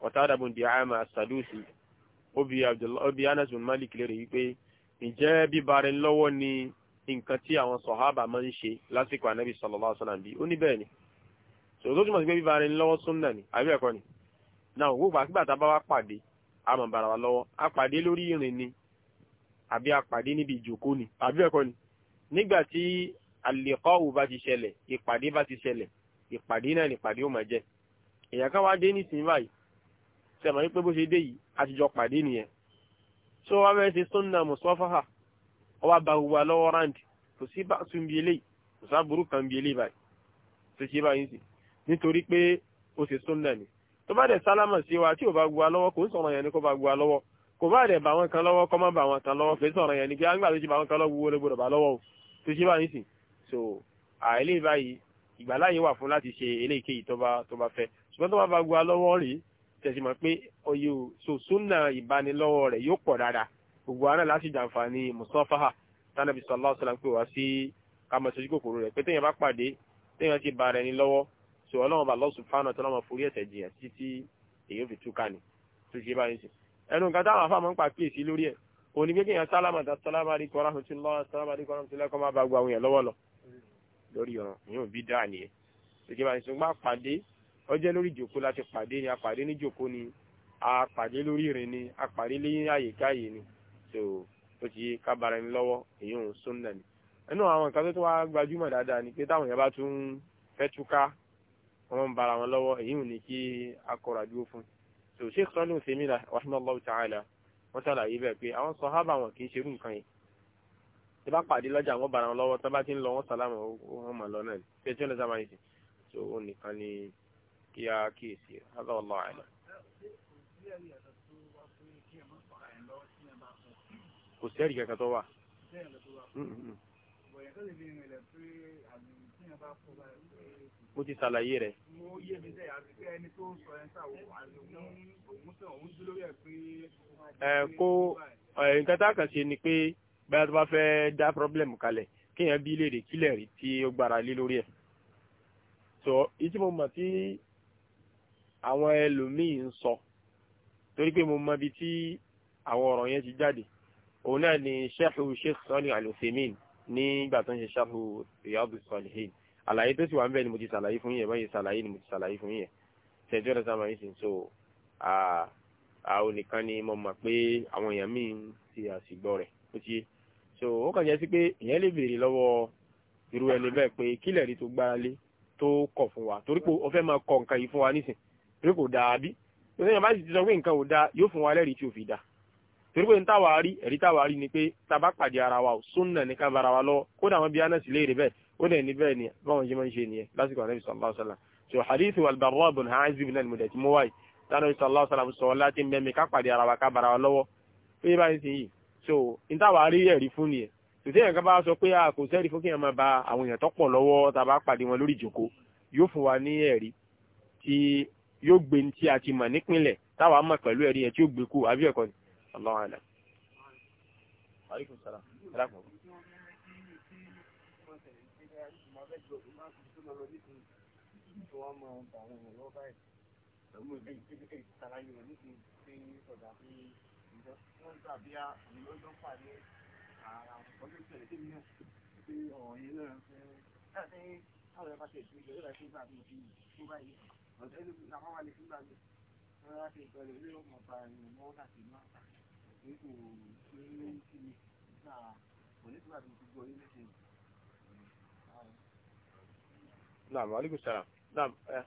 Qatada bin Di'ama as-Sadusi ó bi Anas Malik léèrè yìí ǹjẹ́ bíbá lọ́wọ́ ni nǹkan tí àwọn sọ̀hábà máa ń ṣe lásìkò ànábì sallallahu alaihi wasallam bí ó ní bẹ́ẹ̀ ni sọ̀rọ̀ tó túmọ̀ sí pé bíbá ara lọ́wọ́ súnnà ni àbí ẹ̀kọ́ ni náà gbogbo àkígbà tá a bá wá pàdé a máa bára wa lọ́wọ́ a pàdé lórí ìrìn ni àbí a pàdé níbi ìjòkó ni àbí ẹ̀kọ́ ni nígbà tí al-liqa'u bá ti ṣẹlẹ̀ ìpàdé bá ti ṣẹlẹ̀ ìpàdé náà nípàdé ó máa jẹ́ èèyàn kan wá dé nísìnyí báyìí sẹ̀mọ̀ ní so wá fẹ́ ṣe ọwọ́ bá gbogbo alọ́wọ́ ráǹdì kò sí bá tún bí eléyìí kò sáburú kan bí eléyìí báyìí tó ṣe báyìí sí nítorí pé ó ṣe súnnà ni tó bá dẹ̀ sálámà sí wa tí ò bá gbogbo alọ́wọ́ kò ń sọ̀rọ̀ yẹn ni kò bá gbogbo alọ́wọ́ kò bá dẹ̀ bá wọn kan lọ́wọ́ kọ́ má bá wọn kan lọ́wọ́ kò ń sọ̀rọ̀ yẹn ni pé àgbà ah, tó ṣe bá wọn kan lọ́wọ́ ló gbọdọ̀ bá lọ́wọ́ o tó ṣe báyìí sí so àìlè báyìí ìgbàláyè wà fún láti ṣe eléyìí tó bá tó bá fẹ́ ṣùgbọ́n tó bá bá gbogbo alọ́wọ́ rí tẹ̀sí mọ̀ pé oyè so súnnà ìbánilọ́wọ́ rẹ̀ yóò pọ̀ dáadáa gbogbo àná láti jàǹfààní musafaha tánàbí sallallahu alaihi wasallam pé wá sí kàmọ́ sojú kòkòrò rẹ̀ pé téèyàn bá pàdé téèyàn ti bàrẹ̀ ní lọ́wọ́ sọ ọlọ́run bá Allah subhanahu wa ta'ala máa forí ẹ̀ṣẹ̀ jìyàn títí èyí ò fi túká ni tó ṣe báyìí sí ẹnu nǹkan táwọn afáàmọ́ ń pa kíyèsí lórí ẹ̀ òní gbé kéèyàn sálámà dá sálámà rí kọ́ ráhùn tí lọ́ sálámà rí kọ́ ráhùn tí lẹ́kọ́ máa bá gba àwọn èèyàn lọ́wọ́ lọ lórí ọ̀ràn ìyẹn ò bí dáa nìyẹn tó ṣe báyìí ṣùgbọ́n àpàdé ọjẹ́ lórí ìjòkó láti pàdé ni àpàdé níjòkó ni àpàdé lórí ìrìn ni àpàdé lẹ́yìn àyíká yìí ni so ó ti ká bara ẹni lọ́wọ́ èyí òun sunna ni ẹnu àwọn nǹkan tó tó wá gbajúmọ̀ dáadáa ni pé táwọn yẹn bá tún fẹ́ túká wọn ń bara wọn lọ́wọ́ èyí òun ni kí akọrọ àdúgbò fún so sheikh sọ́nù sèmínà rahimahullah ta'ala wọ́n ṣàlàyé bẹ́ẹ̀ pé àwọn sàhábà wọn kì í ṣerú nǹkan yìí tí bá pàdé lọ́jà wọn bara wọn lọ́wọ́ tó bá ti ń lọ wọn sàlámù wọn mà lọ náà pé tí wọn a kíyèsí hádà wallahu a'lam. kò sẹ́ẹ̀rì kankan tó wà. Mm, mm, mm. mo ti ṣàlàyé rẹ̀. mo yé mi sẹ́yà àti pé ẹni tó sọ ẹ́ sà wò àti òun sọ òun dúró yẹ pé. ẹ kó nǹkan tá a kàn ṣe ni pé báyà tó bá fẹ́ dá pọ́blẹ́mù kalẹ̀ kéèyàn bí léèrè kílẹ̀ rí tí ó gbára lé lórí ẹ̀. sọ ìtí mo mọ̀ tí àwọn ẹlòmíì ń sọ torí pé mo mọ ibi tí àwọn ọ̀rọ̀ yẹn ti jáde òun náà ni sẹ́fù sheikh sọ́ni alùsèmín nígbà tó ń ṣe sẹ́fù ìyáàbù sọ́lìhìn àlàyé tó sì wà ń bẹ̀ ni mo ti ṣàlàyé fún yẹn báyìí ṣàlàyé ni mo ti ṣàlàyé fún yẹn ṣẹjọ́ rẹ̀ sábà yìí sì so àwọn nìkan ni mo mọ̀ pé àwọn èèyàn míì ń ti àṣìgbọ́ rẹ̀ ó ti so ó kàn jẹ́ sí pé ìyẹn lè béèrè lọ́wọ́ irú ẹni bẹ́ẹ̀ pé kílẹ̀ rí tó gbára lé tó kọ̀ fún wa torí pé o fẹ́ máa kọ nǹkan yìí fún wa nísìn torí kò dáa bí tó sẹ́yìn bá sì ti sọ pé nǹkan ò dáa yóò fún wa lẹ́rìí tí ò fi dáa torí pé n táwa rí ẹ̀rí táwa rí ni pé tàbá pàdé ara wa ò súnà ní ká bara wa lọ kódà wọn bí aná léèrè bẹ́ẹ̀ ó dẹ̀ ní bẹ́ẹ̀ ni báwọn ṣe máa ń ṣe nìyẹn lásìkò ànábì sallallahu alaihi wasallam so hadith wal barra bin azib náà ni mo dẹ̀ ti wáyé tánà sallallahu alaihi wasallam sọ láti ń bẹ́mi ká pàdé ara wa ká bara wa lọ́wọ́ ó yẹ báyìí sí yìí so n táwa rí ẹ̀rí fún nìyẹn so tí ẹ̀ka bá sọ pé a kò sẹ́rí fún kí ẹ̀ máa ba àwọn èèyàn tó pọ̀ lọ́wọ́ tàbá pàdé wọn lórí ìjòkó yóò fún wa ní ẹ̀rí tí yóò gbé ní tí a ti nípìnlẹ̀ táwa mọ̀ pẹ̀lú ẹ̀rí yẹn tí yóò gbé kú àbí ẹ̀kọ́ ni Allahu a'lam. Alaikum salaam. Ọ̀dọ́ ìlú làwọn wà lè fún gbàgbé. Wọ́n rá sí ìgbàlè ọ̀pá ẹ̀yìn mọ́ láti máa Naam, alaikum salaam. Naam, eh.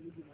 Gracias.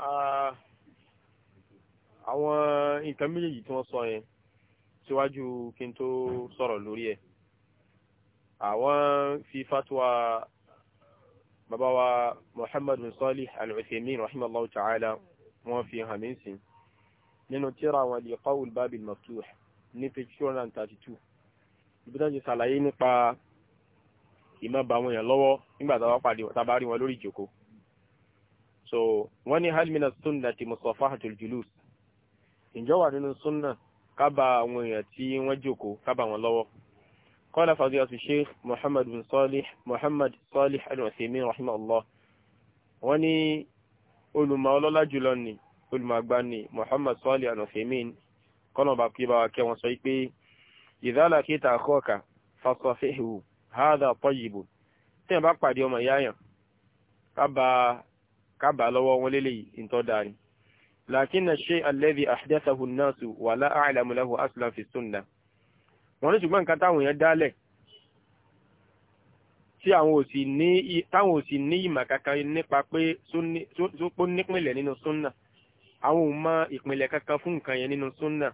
Ah, àwọn nǹkan méjèèjì tí wọ́n sọ yẹn síwájú kí n tó sọ̀rọ̀ lórí ẹ̀ àwọn fi fatwa bàbá wa Muhammad bin Salih al-Uthaymin rahimahullahu ta'ala wọ́n fi hàn mí sí nínú tírà wọn liqa'u al-bab al-maftuh ní page 232 ibi tó ti sàlàyé nípa ìmọ̀ bá wọn yàn lọ́wọ́ nígbà pàdé wọn lórí so wọ́n ní hal mina sunna ti musafahatul julus ǹjọ́ wà nínú sunna ká bá àwọn èèyàn tí wọ́n jòkó قال فضيلة الشيخ محمد بن صالح محمد صالح العثيمين رحمه الله وني olùmọ̀ ọlọ́lá jùlọ ni olùmọ̀ àgbà ni Muhammad Salih al-Uthaymeen kọ́nà bá kí bá wa kẹ́ wọn sọ pé idha laqita akhaka fasafihu hadha tayyibun tí wọ́n bá pàdé ọmọ ìyá yàn kábà lọ́wọ́ wọn lélẹ̀ ìtọ́ dáa ni lakinna ash-shay'a alladhi ahdathahu an-nasu wa la a'lamu lahu aslan fi sunnah wọ́n ní ṣùgbọ́n nǹkan táwọn èèyàn dálẹ̀ tí àwọn ò sì ní táwọn ò sì ní ìmọ̀ kankan nípa pé sópó nípìnlẹ̀ nínú súnnà àwọn ò mọ ìpìnlẹ̀ kankan fún nǹkan yẹn nínú súnnà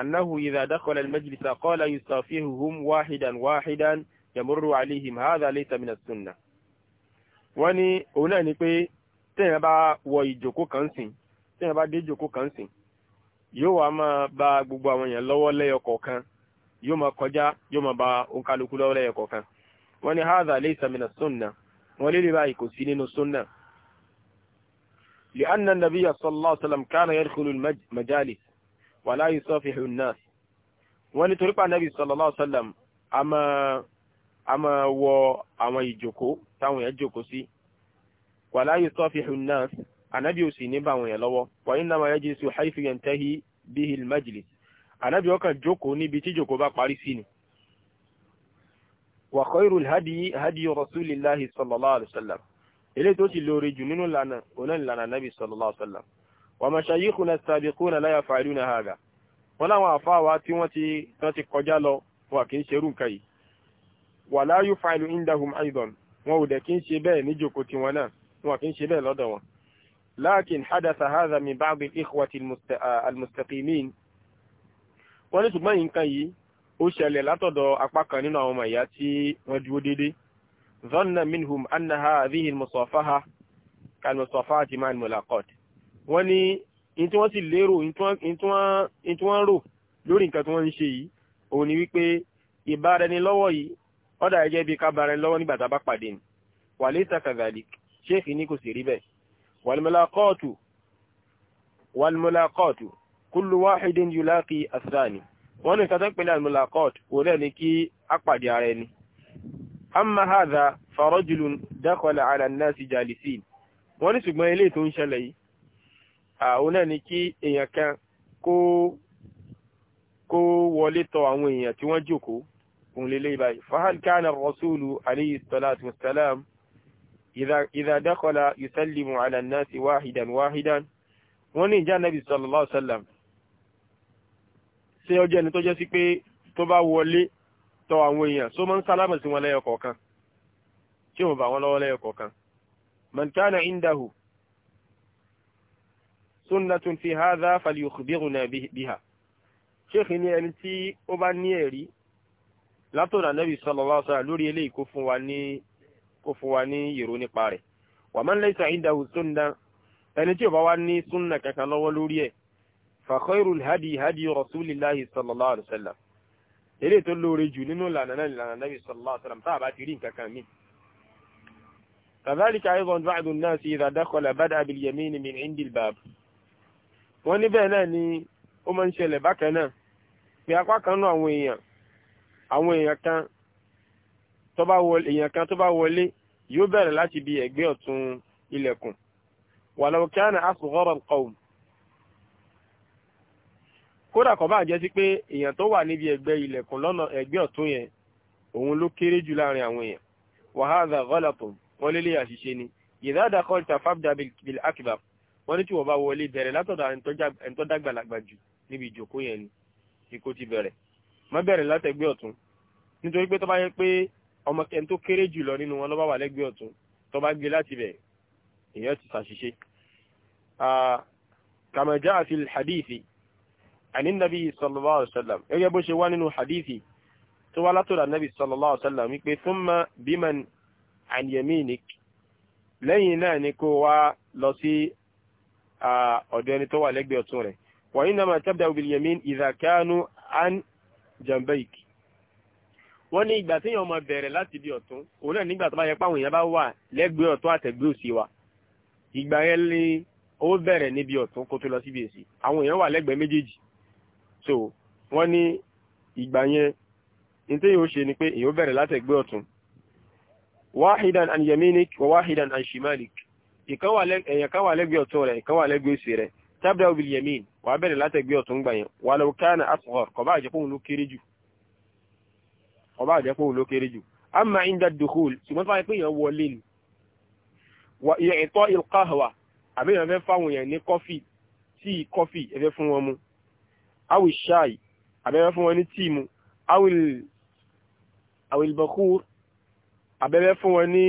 annahu idha dakhala al-majlisa qala yusafihuhum wahidan wahidan yamurru alayhim hadha laysa min as-sunnah wọ́n ní òun náà ni pé téèyàn bá wọ ìjòkó kan sìn téèyàn bá dé ìjòkó kan sìn yóò wá máa bá gbogbo àwọn èèyàn lọ́wọ́ lẹ́yọ kọ̀ọ̀kan yóò máa kọjá yóò máa ba òǹkálukú lọ́wọ́ lẹ́yìn kọ̀ọ̀kan wọ́n ní haza laysa mina sunna wọ́n lè báyìí kò sí nínú sunna لأن النبي صلى الله عليه وسلم كان يدخل المجالس ولا يصافح الناس wọ́n ní torípa nabi sallallahu alaihi wasallam a máa a máa wọ àwọn ìjòkó táwọn èèyàn jòkó sí wala yusafihu an-nas ànábì ò sì ní bá àwọn ànábì ọkàn jókòó níbi tí jókòó bá parí sí ni wa khairul hadi hadi rasulillahi sallallahu alaihi wasallam ilé tó ti lórí jù nínú lànà onan lànà nabi sallallahu alaihi wasallam wa mashayikhuna as-sabiquna wọ́n ti tán ti kọjá ṣe bẹ́ẹ̀ ní jókòó tí wọ́n náà wa kin ṣe bẹ́ẹ̀ lọ́dọ̀ wọn lakin hadatha hadha min ba'd al-ikhwati al wọ́n ní ṣùgbọ́n nǹkan yìí ó ṣẹlẹ̀ látọ̀dọ̀ apá kan nínú àwọn ọmọ ìyá tí wọ́n dúró dédé zanna minhum annaha adhihin musafaha kan musafaha ti máa ń mulaqat wọ́n ní in tí wọ́n sì lérò in tí wọ́n rò lórí nǹkan tí wọ́n ń ṣe yìí òun ni wípé ìbáraẹnilọ́wọ́ yìí ọ̀dà ẹ̀jẹ̀ bíi ká báraẹnilọ́wọ́ nígbà tá a bá pàdé ni walaysa kadhalik ṣéèkì ní kò sì rí bẹ́ẹ̀ wal mulaqatu wal mulaqatu kullu wahidin yulaqi asrani wọ́n ní kátán pẹ̀lú al-mulaqat kò lẹ́ ní kí a pàdé ara ẹni amma hadha farajulun dakhala ala an-nasi jalisin wọ́n ní ṣùgbọ́n ilé tó ń ṣẹlẹ̀ yìí àwọn náà ni kí èèyàn kan kó kó wọlé tọ̀ àwọn èèyàn tí wọ́n jókòó òun lélẹ́ sallallahu alaihi wasallam ṣé ó jẹ́ ẹni tó jẹ́ sí pé tó bá wọlé tọ àwọn èèyàn só máa ń sálámà sí wọn lẹ́yọ kọ̀ọ̀kan tí wọ́n bá wọn lọ́wọ́ lẹ́yọ kọ̀ọ̀kan man kana indahu sunnatun fi hadha falyukhbiruna biha sheikh ni ẹni ẹni tí ó bá wá ní sunna kankan lọ́wọ́ lórí ẹ̀ fàkọ́ìrù hadi hadi rasulillahi sallallahu alaihi wasallam eré tó lóore jù nínú ìlànà náà ìlànà nabi sallallahu alaihi wasallam tá a bá ti rí nǹkan kan mí kàzálìkà ayébọn báàdùn náà sí idha dakhala bada bil yamin min indi albab wọ́n níbẹ̀ náà ni ó máa ń ṣẹlẹ̀ bákan yóò bẹ̀rẹ̀ láti bi ẹ̀gbẹ́ ọ̀tún ilẹ̀kùn walaw kana asghara alqawm kódà kọ́ bá jẹ́ sí pé èèyàn tó wà níbi ẹgbẹ́ ilẹ̀kùn lọ́nà ẹgbẹ́ ọ̀tún yẹn òun ló kéré jù láàrin àwọn èèyàn wàhálà gọ́làpọ̀ wọ́n lélẹ̀ àṣìṣe ni ìdáàdà kọ́ ìta fábdà bil akbar wọ́n ní tí wọ́n bá wọlé bẹ̀rẹ̀ látọ̀dọ̀ ẹni tó dàgbàlagbà jù níbi ìjòkó yẹn ni ikó ti bẹ̀rẹ̀ má bẹ̀rẹ̀ látẹ̀gbẹ́ ọ̀tún nítorí pé tó bá yẹ pé ọmọ ẹni tó kéré jù lọ nínú wọn ló bá wà lẹ́gbẹ́ ọ̀tún tó bá gbé láti bẹ̀ èèyàn ti ṣàṣìṣe ah, kàmọ̀já àfi hadithi àní nàbí sallallahu alaihi wasallam gẹ́gẹ́ bó ṣe wá nínú hadithi tó wá látọ̀dà nàbí sallallahu alaihi wasallam wípé thumma biman an yaminik lẹ́yìn náà ni kó wá lọ sí ọ̀dọ̀ ẹni tó wà lẹ́gbẹ̀ẹ́ ọ̀tún rẹ̀ wa innama tabda'u bil yamin idha kanu an jambayk wọ́n ní ìgbà téèyàn máa bẹ̀rẹ̀ láti bí ọ̀tún òun nígbà tó bá yẹ páwọn èèyàn bá wà lẹ́gbẹ̀ẹ́ ọ̀tún àtẹ̀gbẹ́ òsì wa ìgbà yẹn ni ó bẹ̀rẹ̀ níbi ọ̀tún kó tó lọ síbi èsì àwọn èèyàn wà lẹ́gbẹ̀ẹ́ méjèèjì so wọ́n ní ìgbà yẹn ní tí yóò ṣe ni pé èyí ó bẹ̀rẹ̀ látẹ̀gbẹ́ ọ̀tún wahidan an wa wahidan an shimalik èyàn kan wà lẹ́gbẹ̀ẹ́ ọ̀tún rẹ̀ ìkan wà òsì rẹ̀ tabda bil yamin wà bẹ̀rẹ̀ látẹ̀gbẹ́ ọ̀tún gbà yẹn asghar kò bá jẹ́ pé òun ló kéré jù amma inda dukhul ṣùgbọ́n tó wáyé pé wa i'ta al qahwa àbẹ́yàn fẹ́ fáwọn èèyàn ní kọfí tí kọfí ẹfẹ́ fún awil shai abẹ́rẹ́ fún wọn ní tíìmù awil awil bakur abẹ́rẹ́ fún wọn ní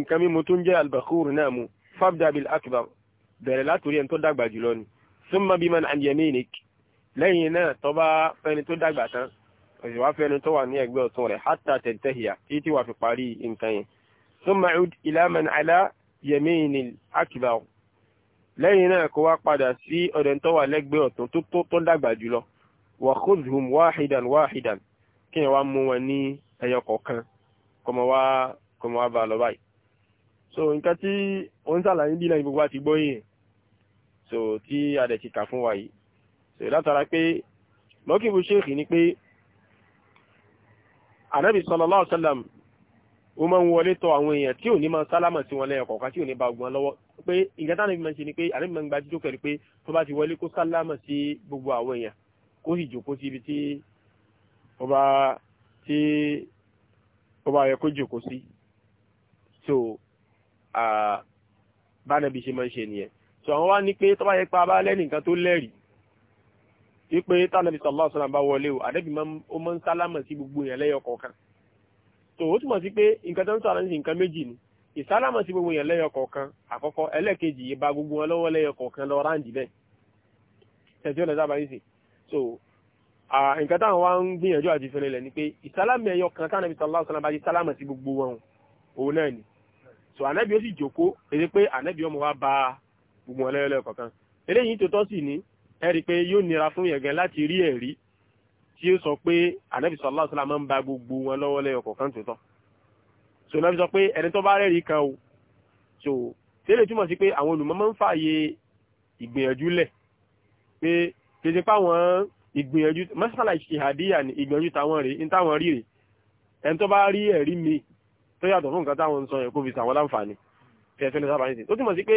nǹkan mímu tó ń jẹ́ albakur náà mu fabda bil akbar bẹ̀rẹ̀ látòrí ẹni tó dàgbà jùlọ ni summa biman an yaminik lẹ́yìn náà tó bá fẹ́ni tó dàgbà tán òsì wá fẹ́ni tó wà ní ẹgbẹ́ ọ̀tún rẹ̀ hatta tẹ̀tẹ̀hìyà tí tí wà fi parí nǹkan yẹn summa ud ila man ala yaminil akbar lẹ́yìn náà kó wá padà sí ọ̀dẹ̀ tó wà lẹ́gbẹ̀ẹ́ ọ̀tún tó tó tó dàgbà jùlọ wa khudhum wahidan wahidan kí wọ́n wá mú wọn ní ẹyọ kọ̀ọ̀kan kọmọ bá lọ báyìí so nǹkan tí ó ń sàlàyé bí lẹ́yìn gbogbo àti gbọ́ yìí so tí a dẹ̀ ti kà fún wa yìí so látara pé mọ́kìbù ṣèkì ni pé anabi sallallahu alaihi ó máa ń wọlé tọ àwọn èèyàn tí ò ní máa sálámà sí wọn lẹ́yìn kọ̀ọ̀kan tí ò ní bá ọgbọ́n lọ́wọ́ pé nǹkan táwọn ìgbìmọ̀ ṣe ni pé àdébìmọ̀ ń gbajú jókòó pé tó bá ti wọlé kó sálámà sí gbogbo àwọn èèyàn kó sì jòkó sí ibi tí ó bá tí ó bá yẹ kó jòkó sí so bánàbí ṣe máa ń ṣe nìyẹn so àwọn wá ní pé tó bá yẹ pa bá lẹ́nìkan tó lẹ́rìí wípé tánàbí sallallahu alaihi wasallam o àdébìmọ̀ ó máa ń sálámà sí gbogbo èèyàn lẹ́yìn kọ̀ọ̀kan tó ó túmọ̀ sí pé nǹkan tó ń sọ̀rọ̀ ní nǹkan méjì ni ìsálámà sí gbogbo èèyàn lẹ́yọ kọ̀ọ̀kan àkọ́kọ́ ẹlẹ́ẹ̀kejì yìí ba gbogbo wọn lọ́wọ́ lẹ́yọ kọ̀ọ̀kan lọ ráǹdì bẹ́ẹ̀ tẹ̀sí ọ̀nà sábà ní sè so nǹkan táwọn wá ń gbìyànjú àti fẹ́rẹ̀ lẹ̀ ni pé ìsálámà ẹyọ kan táwọn ẹbí sọlá ọ̀sán abájí sálámà sí gbogbo wọn òun náà ni so ànábì ó sì jókòó èdè pé ànábì ọmọ wa ba gbogbo wọn lẹ́yọ lẹ́yọ kọ̀ọ̀kan eléyìí tó tọ́ sí ni ẹ rí i pé yóò nira fún yẹn láti rí ẹ̀rí tí ó sọ pé ànábì sallallahu alaihi wasallam máa ń ba gbogbo wọn lọ́wọ́ lẹ́yọ kọ̀ọ̀kan tó tọ́ so náà fi sọ pé ẹni tó bá rẹ́rìí kan o so tẹ́lẹ̀ túmọ̀ sí pé àwọn olùmọ̀ máa ń fààyè ìgbìyànjú lẹ̀ pé kèsì páwọn ìgbìyànjú mọ́sálà ìṣèhàdíyà ní ìgbìyànjú táwọn rèé ní táwọn rí rèé ẹni tó bá rí ẹ̀rí mi tó yàtọ̀ fún nǹkan táwọn ń sọ ẹ̀kọ́ fi sàwọn láǹfààní tẹ̀sẹ̀ ní sábà nìsín ó sí pé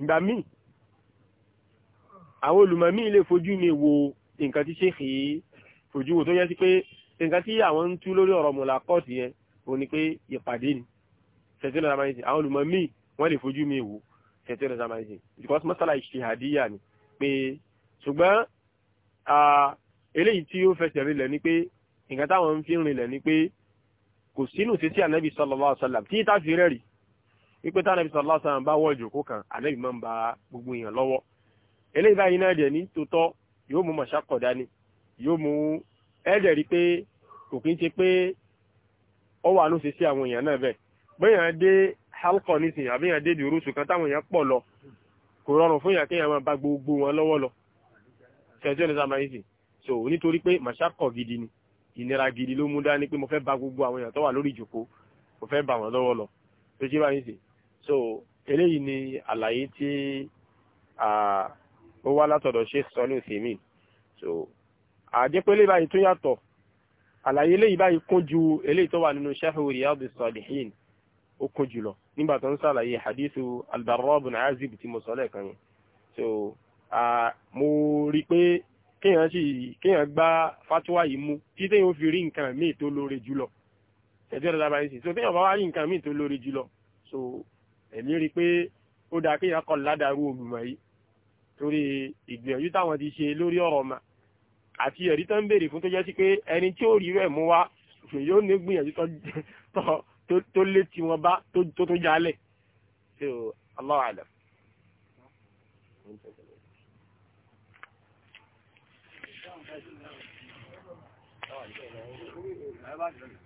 ìgbà míì àwọn olùmọ̀ míì lè fojú mi wo nǹkan tí ṣèkì fòjúwò tó yẹ sí pé nǹkan tí àwọn ń tú lórí ọ̀rọ̀ mọ̀lá kọ́ọ̀tì yẹn ò ní pé ìpàdé ni ṣẹ̀tẹ́nà sàmáyìntì àwọn olùmọ̀ míì wọ́n lè fojú mi wò ṣẹ̀tẹ́nà sàmáyìntì because mọ́sálà ìṣèhàdíyà ni pé ṣùgbọ́n eléyìí tí ó fẹsẹ̀ rinlẹ̀ ni pé nǹkan táwọn fi ń rinlẹ̀ ni pé kò sínú sí sí ànábì sallallahu alaihi wasallam tí ìta fi rẹ́rì wípé tánábì sallallahu alaihi wasallam bá wọ́ ìjòkó kan ànábì máa ń ba gbogbo èèyàn yóò mú mọ̀ṣá kọ̀dá ni yóò mú ẹ̀ẹ́dẹ̀ rí pé kò kí ń ṣe pé ó wà ló ṣe sí àwọn èèyàn náà bẹ́ẹ̀ bẹ́yàn dé halkọ nísìn àbíyàn dé dùrúsù kan táwọn èèyàn pọ̀ lọ kò rọrùn fún èèyàn kéèyàn máa bá gbogbo wọn lọ́wọ́ lọ ṣẹjọ́ ní sáma nísìn so nítorí pé màṣákọ̀ gidi ni ìnira gidi ló mú dání pé mo fẹ́ bá gbogbo àwọn èèyàn tó wà lórí ìjókòó mo fẹ́ bá wọn lọ́wọ́ lọ tó ṣe bá nísìn so eléyìí ni àlàyé tí ó wá látọ̀dọ̀ Sheikh Sọ́lé Òsèmí so àjẹpẹ́ lè báyìí tó yàtọ̀ àlàyé lè báyìí kún ju eléyìí tó wà nínú Sharhu Riyadus Salihin ó kún jùlọ nígbà tó ń sàlàyé hadithu al-Barra Azib tí mo sọ lẹ́ẹ̀kan yẹn so mo rí pé kéèyàn sì kéèyàn gbá fatuwa yìí mú kí téèyàn ó fi rí nǹkan míì tó lóore jùlọ ẹjọ́ ìrọ̀lá báyìí sì so téèyàn bá wá rí nǹkan míì tó lóore jùlọ so èmi rí pé ó dáa kéèyàn kọ́ ládàrú olùmọ̀ yìí torí ìgbìyànjú táwọn ti ṣe lórí ọ̀rọ̀ ọmọ àti ẹ̀rí tó ń béèrè fún tó jẹ́ sí pé ẹni tí ó rí rẹ̀ mú wá yóò ní gbìyànjú tó lé tí wọn bá tó tó jálẹ̀ so Allahu a'lam. Thank you.